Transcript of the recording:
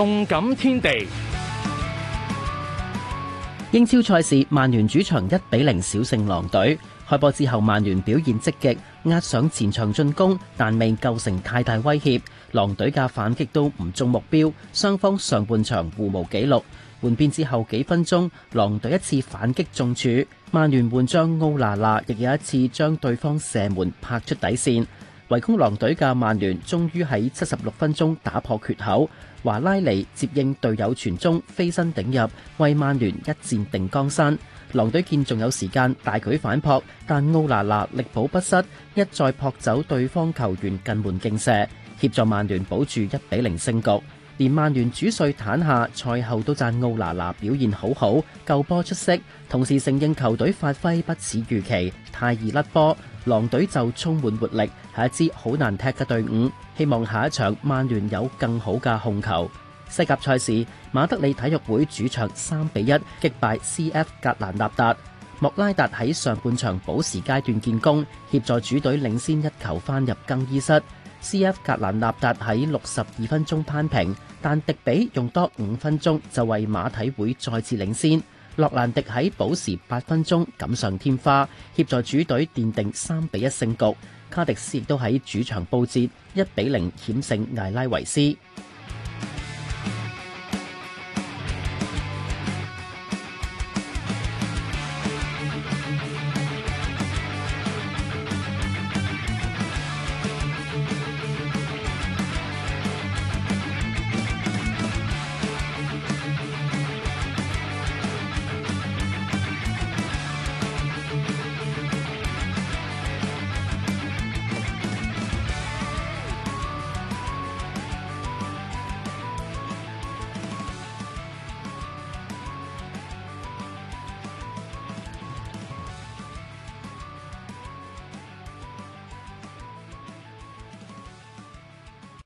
動感天地，英超賽事曼聯主場一比零小勝狼隊。開波之後，曼聯表現積極，壓上前場進攻，但未構成太大威脅。狼隊嘅反擊都唔中目標，雙方上半場互無紀錄。換邊之後幾分鐘，狼隊一次反擊中柱，曼聯門將奧拿拿亦有一次將對方射門拍出底線。圍攻狼隊嘅曼聯終於喺七十六分鐘打破缺口，華拉尼接應隊友傳中飛身頂入，為曼聯一戰定江山。狼隊見仲有時間大舉反撲，但奧拿拿力保不失，一再撲走對方球員近門勁射，協助曼聯保住一比零勝局。連曼聯主帥坦夏賽後都讚奧拿拿表現好好，救波出色，同時承認球隊發揮不似預期，太易甩波，狼隊就充滿活力，係一支好難踢嘅隊伍，希望下一場曼聯有更好嘅控球。西甲賽事馬德里體育會主場三比一擊敗 CF 格蘭納達。莫拉達喺上半場補時階段建功，協助主隊領先一球翻入更衣室。C.F. 格蘭納達喺六十二分鐘扳平，但迪比用多五分鐘就為馬體會再次領先。洛蘭迪喺補時八分鐘錦上添花，協助主隊奠定三比一勝局。卡迪斯亦都喺主場報捷，一比零險勝艾拉維斯。